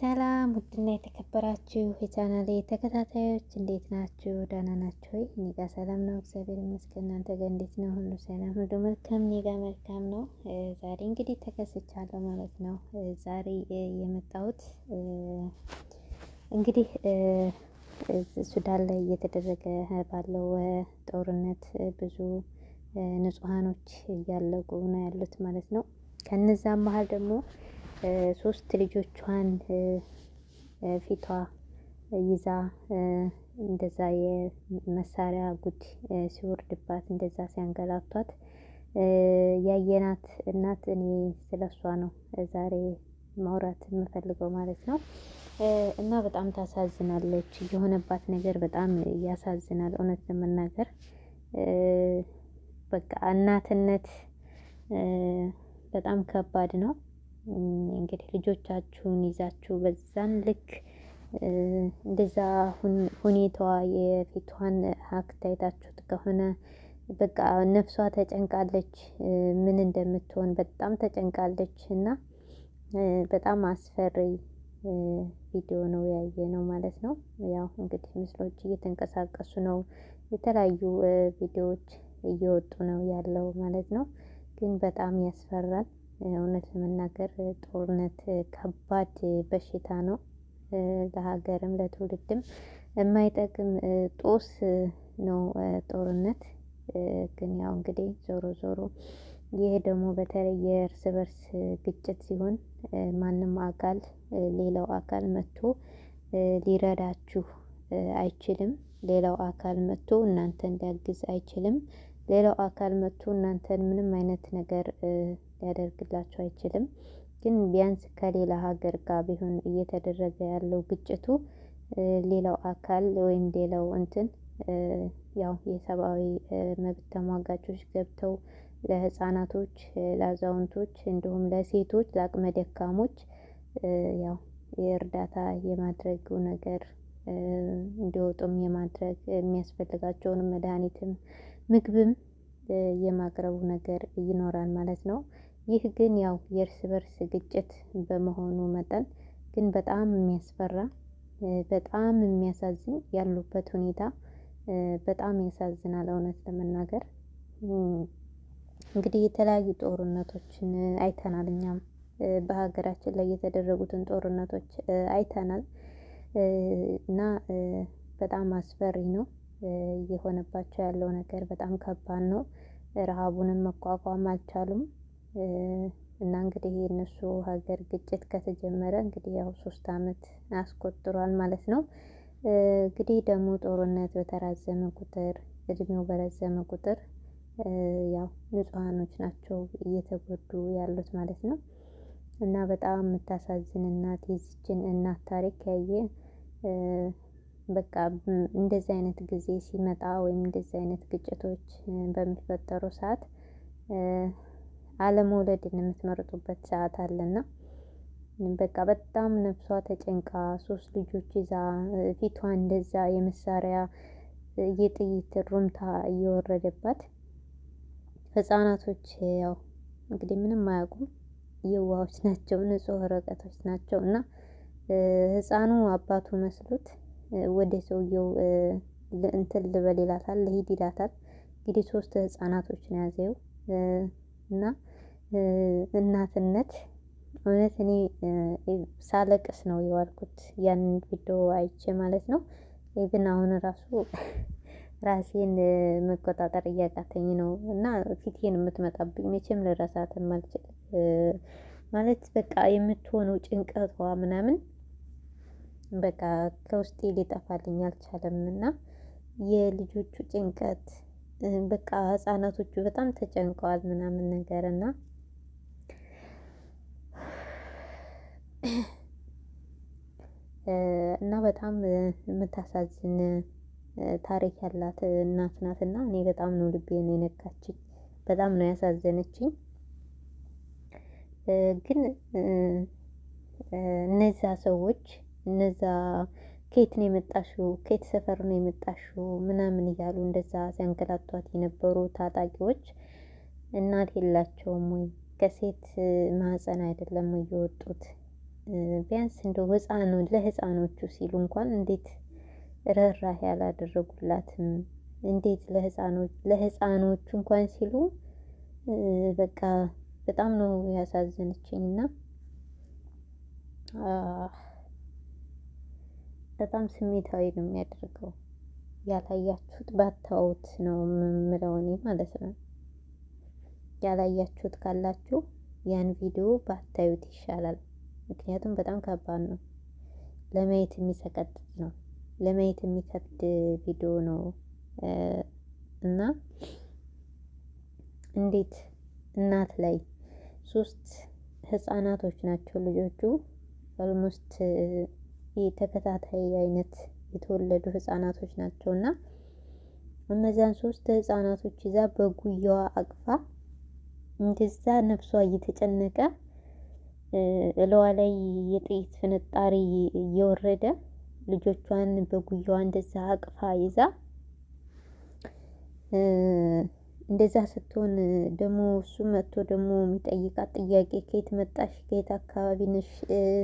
ሰላም ውድና የተከበራችሁ የቻናሌ ተከታታዮች እንዴት ናችሁ? ደህና ናችሁ ወይ? እኔ ጋ ሰላም ነው፣ እግዚአብሔር ይመስገን። እናንተ ጋር እንዴት ነው? ሁሉ ሰላም፣ ሁሉ መልካም? እኔ ጋ መልካም ነው። ዛሬ እንግዲህ ተከስቻለሁ ማለት ነው። ዛሬ የመጣሁት እንግዲህ ሱዳን ላይ እየተደረገ ባለው ጦርነት ብዙ ንጹሐኖች እያለቁ ነው ያሉት ማለት ነው። ከነዛም መሀል ደግሞ ሶስት ልጆቿን ፊቷ ይዛ እንደዛ የመሳሪያ ጉድ ሲወርድባት እንደዛ ሲያንገላቷት ያየናት እናት እኔ ስለሷ ነው ዛሬ ማውራት የምፈልገው ማለት ነው። እና በጣም ታሳዝናለች። የሆነባት ነገር በጣም ያሳዝናል። እውነት ለመናገር በቃ እናትነት በጣም ከባድ ነው። እንግዲህ ልጆቻችሁን ይዛችሁ በዛን ልክ እንደዛ ሁኔታዋ የፊቷን ሀክት አይታችሁት ከሆነ በቃ ነፍሷ ተጨንቃለች፣ ምን እንደምትሆን በጣም ተጨንቃለች። እና በጣም አስፈሪ ቪዲዮ ነው ያየ ነው ማለት ነው። ያው እንግዲህ ምስሎች እየተንቀሳቀሱ ነው፣ የተለያዩ ቪዲዮዎች እየወጡ ነው ያለው ማለት ነው። ግን በጣም ያስፈራል። እውነት ለመናገር ጦርነት ከባድ በሽታ ነው። ለሀገርም ለትውልድም የማይጠቅም ጦስ ነው ጦርነት። ግን ያው እንግዲህ ዞሮ ዞሮ ይሄ ደግሞ በተለይ የእርስ በርስ ግጭት ሲሆን ማንም አካል ሌላው አካል መጥቶ ሊረዳችሁ አይችልም። ሌላው አካል መጥቶ እናንተን ሊያግዝ አይችልም። ሌላው አካል መጥቶ እናንተን ምንም አይነት ነገር ሊያደርግላቸው አይችልም። ግን ቢያንስ ከሌላ ሀገር ጋር ቢሆን እየተደረገ ያለው ግጭቱ ሌላው አካል ወይም ሌላው እንትን ያው የሰብአዊ መብት ተሟጋቾች ገብተው ለህፃናቶች፣ ለአዛውንቶች እንዲሁም ለሴቶች፣ ለአቅመ ደካሞች ያው የእርዳታ የማድረጉ ነገር እንዲወጡም የማድረግ የሚያስፈልጋቸውን መድኃኒትም ምግብም የማቅረቡ ነገር ይኖራል ማለት ነው። ይህ ግን ያው የእርስ በርስ ግጭት በመሆኑ መጠን ግን በጣም የሚያስፈራ በጣም የሚያሳዝን ያሉበት ሁኔታ በጣም ያሳዝናል። እውነት ለመናገር እንግዲህ የተለያዩ ጦርነቶችን አይተናል። እኛም በሀገራችን ላይ የተደረጉትን ጦርነቶች አይተናል እና በጣም አስፈሪ ነው የሆነባቸው ያለው ነገር በጣም ከባድ ነው። ረሃቡንም መቋቋም አልቻሉም። እና እንግዲህ የእነሱ ሀገር ግጭት ከተጀመረ እንግዲህ ያው ሶስት አመት አስቆጥሯል ማለት ነው። እንግዲህ ደግሞ ጦርነት በተራዘመ ቁጥር እድሜው በረዘመ ቁጥር ያው ንጹሃኖች ናቸው እየተጎዱ ያሉት ማለት ነው። እና በጣም የምታሳዝን እናት የዚችን እናት ታሪክ ያየ በቃ እንደዚህ አይነት ጊዜ ሲመጣ ወይም እንደዚህ አይነት ግጭቶች በሚፈጠሩ ሰዓት አለመውለድን የምትመርጡበት ሰዓት አለና በቃ በጣም ነፍሷ ተጨንቃ ሶስት ልጆች ይዛ ፊቷ እንደዛ የመሳሪያ የጥይት ሩምታ እየወረደባት ህጻናቶች ያው እንግዲህ ምንም አያውቁም፣ የዋዎች ናቸው፣ ንጹህ ወረቀቶች ናቸው። እና ህፃኑ አባቱ መስሎት ወደ ሰውየው እንትን ልበል ይላታል፣ ልሂድ ይላታል። እንግዲህ ሶስት ህጻናቶች ነው ያዘው እና እናትነት እውነት እኔ ሳለቅስ ነው የዋልኩት ያንን ቪዲዮ አይቼ ማለት ነው። ግን አሁን ራሱ ራሴን መቆጣጠር እያቃተኝ ነው እና ፊቴን የምትመጣብኝ መቼም ልረሳት አልችልም። ማለት በቃ የምትሆነው ጭንቀቷ ምናምን በቃ ከውስጤ ሊጠፋልኝ አልቻለም። እና የልጆቹ ጭንቀት በቃ ህጻናቶቹ በጣም ተጨንቀዋል ምናምን ነገር እና እና በጣም የምታሳዝን ታሪክ ያላት እናት ናት። እና እኔ በጣም ነው ልቤን የነካችኝ፣ በጣም ነው ያሳዘነችኝ። ግን እነዛ ሰዎች እነዛ ኬት ነው የመጣሽው፣ ኬት ሰፈር ነው የመጣሽው ምናምን እያሉ እንደዛ ሲያንገላቷት የነበሩ ታጣቂዎች እናት የላቸውም ወይ? ከሴት ማህፀን አይደለም ወይ የወጡት? ቢያንስ እንደው ህፃኑ ለህፃኖቹ ሲሉ እንኳን እንዴት ረራህ ያላደረጉላትም እንዴት ለህፃኖቹ እንኳን ሲሉ በቃ በጣም ነው ያሳዘነችኝ እና በጣም ስሜታዊ ነው የሚያደርገው። ያላያችሁት ባታዩት ነው የምለው እኔ ማለት ነው። ያላያችሁት ካላችሁ ያን ቪዲዮ ባታዩት ይሻላል። ምክንያቱም በጣም ከባድ ነው። ለማየት የሚሰቀጥ ነው። ለማየት የሚከብድ ቪዲዮ ነው እና እንዴት እናት ላይ ሶስት ህጻናቶች ናቸው ልጆቹ ኦልሞስት ተከታታይ አይነት የተወለዱ ህጻናቶች ናቸው እና እነዚያን ሶስት ህጻናቶች ይዛ በጉያዋ አቅፋ እንደዛ ነፍሷ እየተጨነቀ እለዋ ላይ የጥይት ፍንጣሪ እየወረደ ልጆቿን በጉያዋ እንደዛ አቅፋ ይዛ እንደዛ ስትሆን ደግሞ እሱ መጥቶ ደግሞ የሚጠይቃት ጥያቄ ከየት መጣሽ? ከየት አካባቢ ነሽ?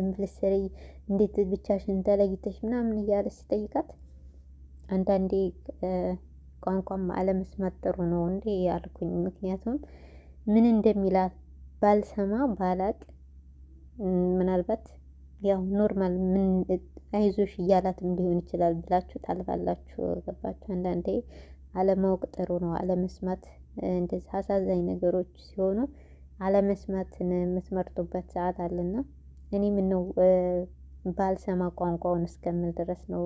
ምልስሪ እንዴት ብቻሽን ተለይተሽ ምናምን እያለ ሲጠይቃት አንዳንዴ ቋንቋም አለመስማት ጥሩ ነው እንዴ ያልኩኝ። ምክንያቱም ምን እንደሚላት ባልሰማ ባላቅ ምናልባት ያው ኖርማል ምን አይዞሽ እያላትም ሊሆን ይችላል ብላችሁ ታልፋላችሁ። ገባችሁ? አንዳንዴ አለማወቅ ጥሩ ነው። አለመስማት እንደዚህ አሳዛኝ ነገሮች ሲሆኑ አለመስማትን የምትመርጡበት ሰዓት አለና እኔ ምነው ባልሰማ ቋንቋውን እስከምል ድረስ ነው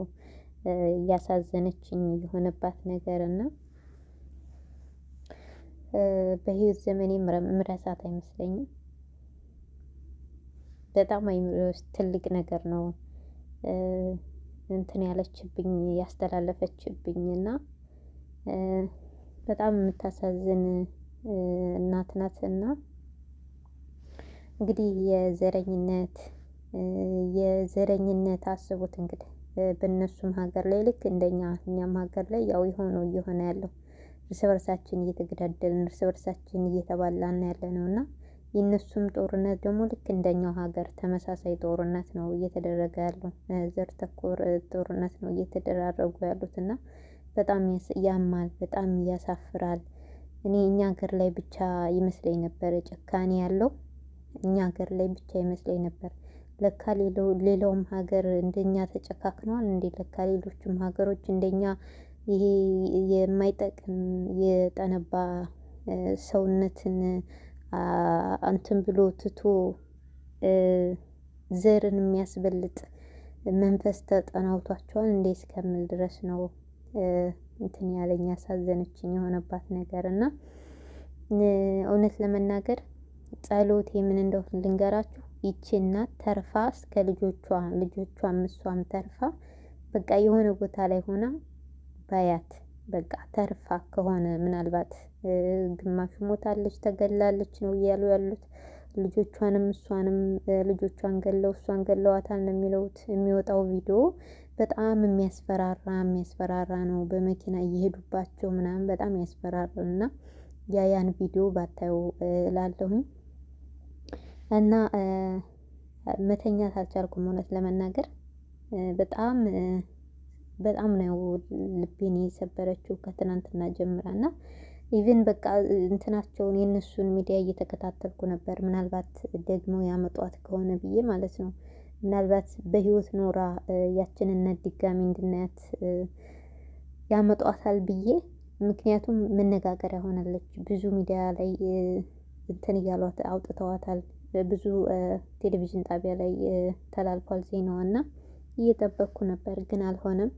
እያሳዘነችኝ የሆነባት ነገር እና በህይወት ዘመኔ ምረሳት አይመስለኝም። በጣም አይምሮ ውስጥ ትልቅ ነገር ነው እንትን ያለችብኝ ያስተላለፈችብኝ እና በጣም የምታሳዝን እናት ናት እና እንግዲህ የዘረኝነት የዘረኝነት አስቡት እንግዲህ በእነሱም ሀገር ላይ ልክ እንደኛ እኛም ሀገር ላይ ያው የሆነው እየሆነ ያለው እርስ በርሳችን እየተገዳደልን እርስ በርሳችን እየተባላን ያለ ነው እና የእነሱም ጦርነት ደግሞ ልክ እንደኛው ሀገር ተመሳሳይ ጦርነት ነው እየተደረገ ያለው። ዘር ተኮር ጦርነት ነው እየተደራረጉ ያሉት እና በጣም ያማል፣ በጣም ያሳፍራል። እኔ እኛ ሀገር ላይ ብቻ ይመስለኝ ነበር ጭካኔ ያለው እኛ ሀገር ላይ ብቻ ይመስለኝ ነበር። ለካ ሌላውም ሀገር እንደኛ ተጨካክነዋል እንዴ! ለካ ሌሎችም ሀገሮች እንደኛ ይሄ የማይጠቅም የጠነባ ሰውነትን እንትን ብሎ ትቶ ዘርን የሚያስበልጥ መንፈስ ተጠናውቷቸዋል እንዴ እስከምል ድረስ ነው እንትን ያለኝ ያሳዘነችኝ የሆነባት ነገር እና እውነት ለመናገር ጸሎቴ ምን እንደው ልንገራችሁ። ይቺ እናት ተርፋ እስከ ልጆቿ ልጆቿም እሷም ተርፋ በቃ የሆነ ቦታ ላይ ሆና ባያት በቃ ተርፋ ከሆነ ምናልባት ግማሽ ሞታለች ተገላለች ነው እያሉ ያሉት። ልጆቿንም እሷንም ልጆቿን ገለው እሷን ገለዋታል ነው የሚለውት የሚወጣው ቪዲዮ በጣም የሚያስፈራራ የሚያስፈራራ ነው። በመኪና እየሄዱባቸው ምናምን በጣም እና ያ ያን ቪዲዮ ባታዩ እላለሁኝ። እና መተኛት አልቻልኩም እውነት ለመናገር በጣም በጣም ነው ልቤን የሰበረችው ከትናንትና ጀምራና ኢቨን በቃ እንትናቸውን የእነሱን ሚዲያ እየተከታተልኩ ነበር። ምናልባት ደግሞ ያመጧት ከሆነ ብዬ ማለት ነው። ምናልባት በህይወት ኖራ ያችንነት ድጋሚ እንድናያት ያመጧታል ብዬ ምክንያቱም መነጋገሪያ ሆናለች። ብዙ ሚዲያ ላይ እንትን እያሏት አውጥተዋታል። ብዙ ቴሌቪዥን ጣቢያ ላይ ተላልፏል ዜናዋ እና እየጠበቅኩ ነበር፣ ግን አልሆነም።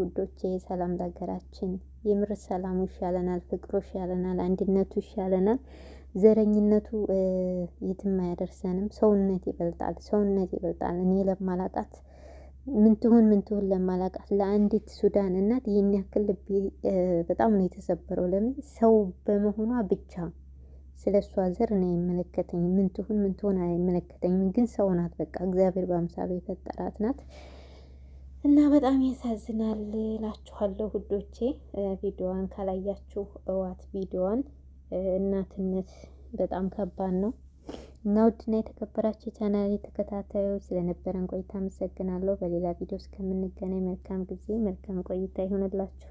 ውዶቼ ሰላም ለሀገራችን። የምር ሰላሙ ይሻለናል፣ ፍቅሩ ይሻለናል፣ አንድነቱ ይሻለናል። ዘረኝነቱ የትም አያደርሰንም። ሰውነት ይበልጣል፣ ሰውነት ይበልጣል። እኔ ለማላቃት ምን ትሁን ምን ትሁን ለማላቃት ለአንዲት ሱዳን እናት ይህን ያክል ልቤ በጣም ነው የተሰበረው። ለምን ሰው በመሆኗ ብቻ ስለ እሷ ዘር ነው አይመለከተኝም። ምን ትሁን ምን ትሁን አይመለከተኝም። ግን ሰው ናት፣ በቃ እግዚአብሔር በአምሳሉ የፈጠራት ናት። እና በጣም ያሳዝናል እላችኋለሁ ውዶቼ። ቪዲዮዋን ካላያችሁ እዋት ቪዲዮዋን። እናትነት በጣም ከባድ ነው እና ውድና የተከበራችሁ ቻናል ተከታታዮች ስለነበረን ቆይታ አመሰግናለሁ። በሌላ ቪዲዮ እስከምንገናኝ መልካም ጊዜ፣ መልካም ቆይታ ይሆንላችሁ።